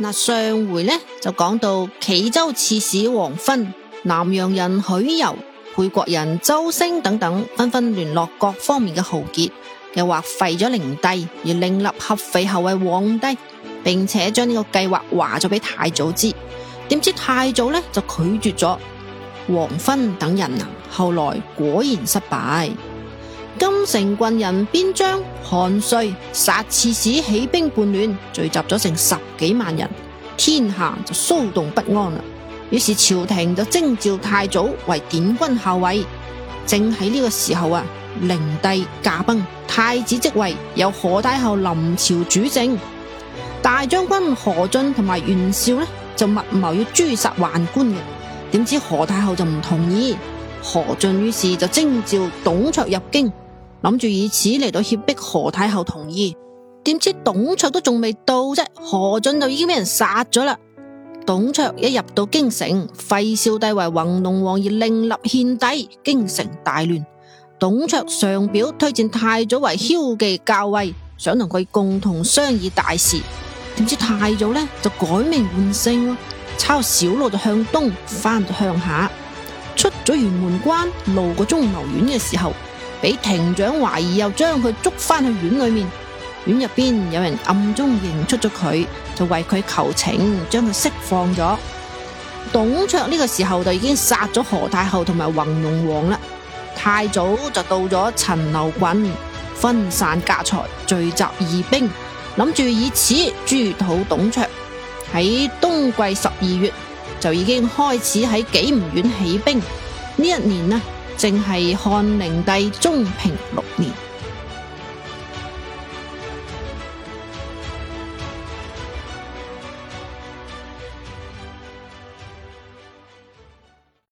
嗱，上回咧就講到冀州刺史王芬，南陽人許攸，沛國人周星等等，紛紛聯絡各方面嘅豪傑，又話廢咗靈帝，而另立合肥后位皇帝，並且將呢個計劃話咗俾太祖知，點知太祖咧就拒絕咗王芬等人啊，後來果然失敗。金城郡人邊章、韓遂殺刺史，起兵叛亂，聚集咗成十幾萬人，天下就騷動不安啦。於是朝廷就徵召太祖為典軍校尉。正喺呢個時候啊，靈帝駕崩，太子即位，由何太后臨朝主政。大將軍何進同埋袁紹呢，就密謀要誅殺宦官嘅，點知何太后就唔同意。何進於是就徵召董卓入京。諗住以此嚟到脅迫何太后同意，點知董卓都仲未到啫，何進就已經俾人殺咗啦。董卓一入到京城，廢少帝為弘農王而另立獻帝，京城大亂。董卓上表推薦太祖為驍騎校尉，想同佢共同商議大事，點知太祖呢就改名換姓咯，抄小路就向東翻到鄉下，出咗玄門關，路過中牟縣嘅時候，俾亭長懷疑，又將佢捉翻去縣裏面。縣入邊有人暗中認出咗佢，就為佢求情，將佢釋放咗。董卓呢個時候就已經殺咗何太后同埋弘農王啦。太祖就到咗陳留郡，分散家財，聚集義兵，諗住以此誅討董卓。喺冬季十二月就已經開始喺己吾縣起兵。呢一年呢？正係漢靈帝中平六年。